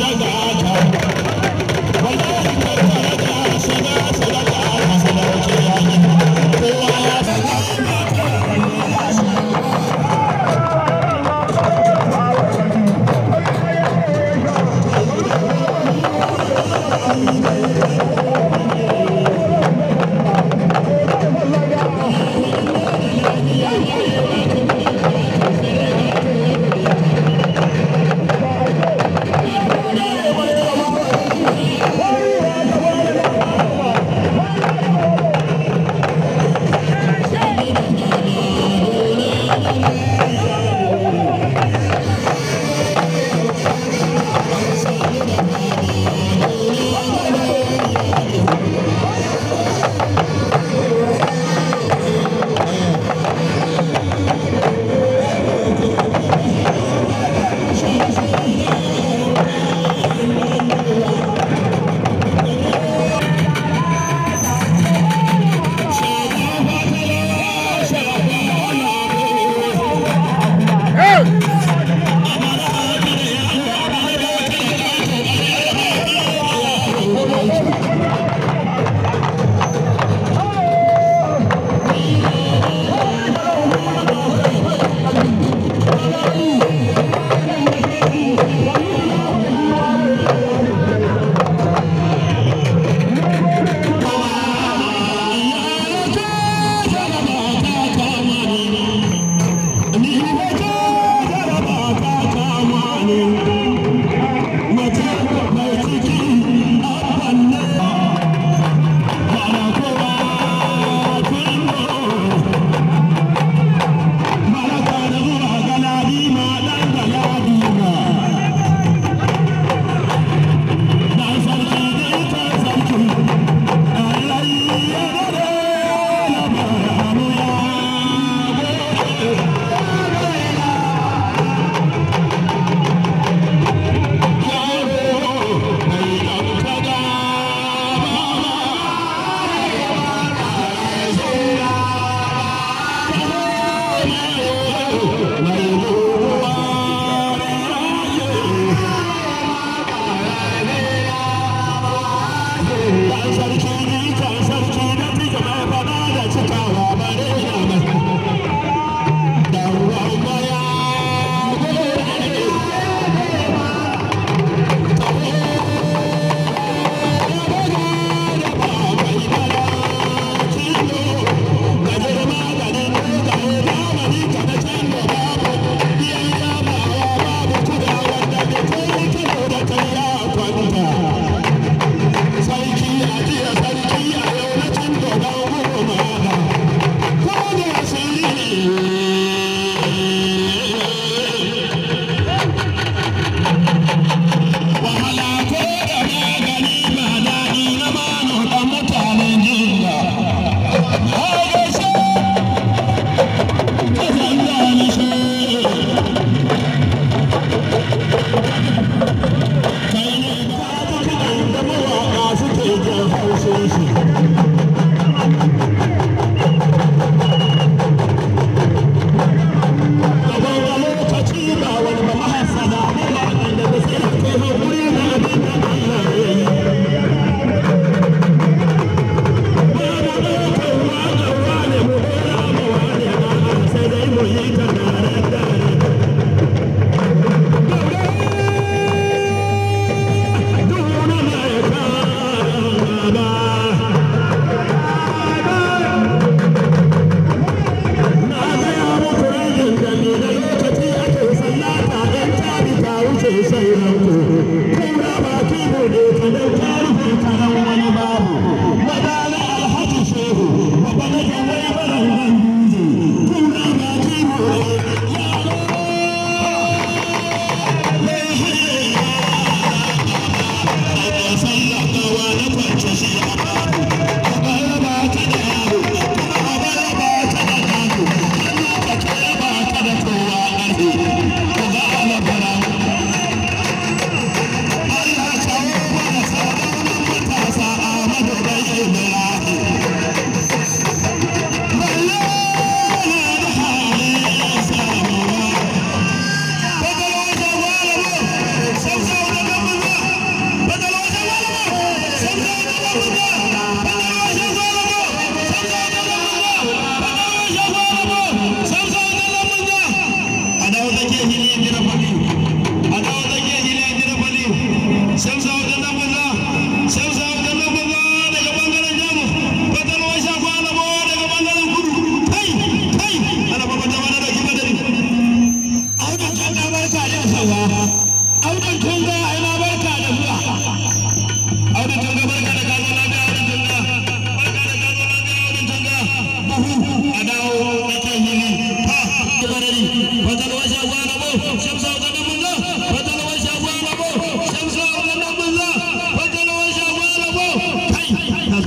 da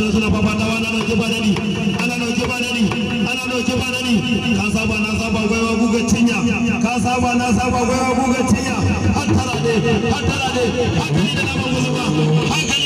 zo suna fafatawa ana dauke ba dani ana dauke ba dani ana dauke ba dani ka saba na saba gwaiwa guga cinya ka saba na saba gwaiwa guga cinya hattara ne hattara ne hankali da naman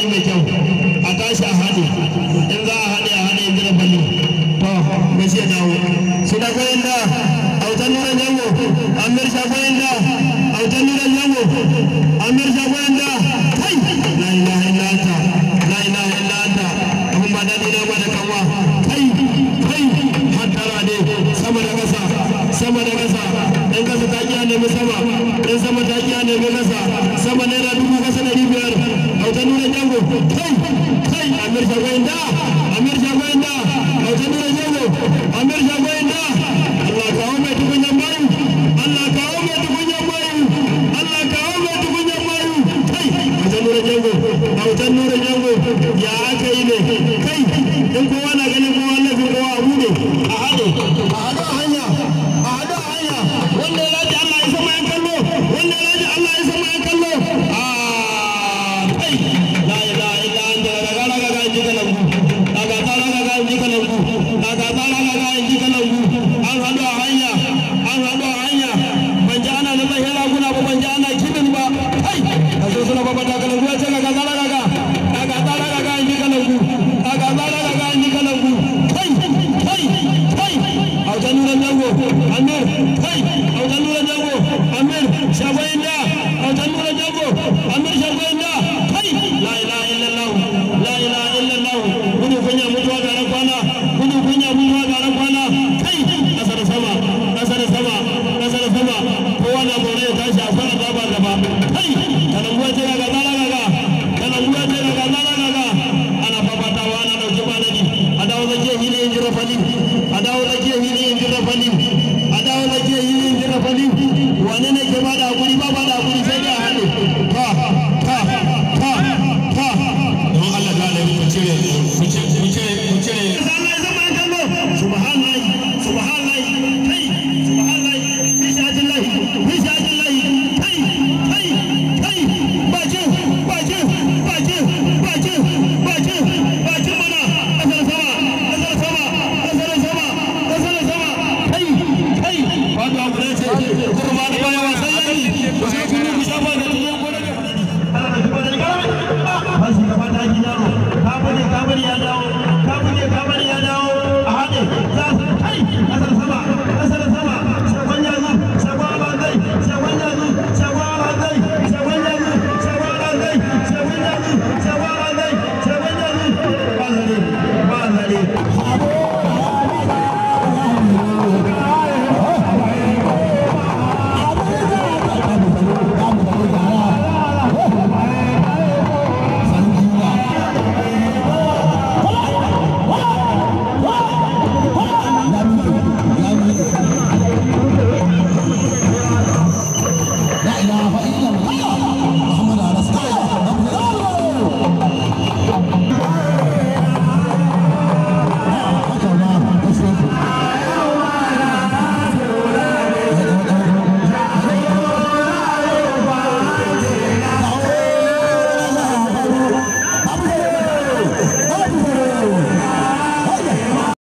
wa'azi mai kyau a tashi a haɗe in za a haɗe a haɗe yanzu da ballo to mai shi ya dawo su da koyin da autan nuna jango amir sha koyin da autan nuna jango amir sha koyin da kai la ilaha illa anta la ilaha illa anta ba na kanwa kai kai ne sama da sama da in ta nemi sama in sama ta nemi sama naira dubu da nuna jango kai kai amir sarwai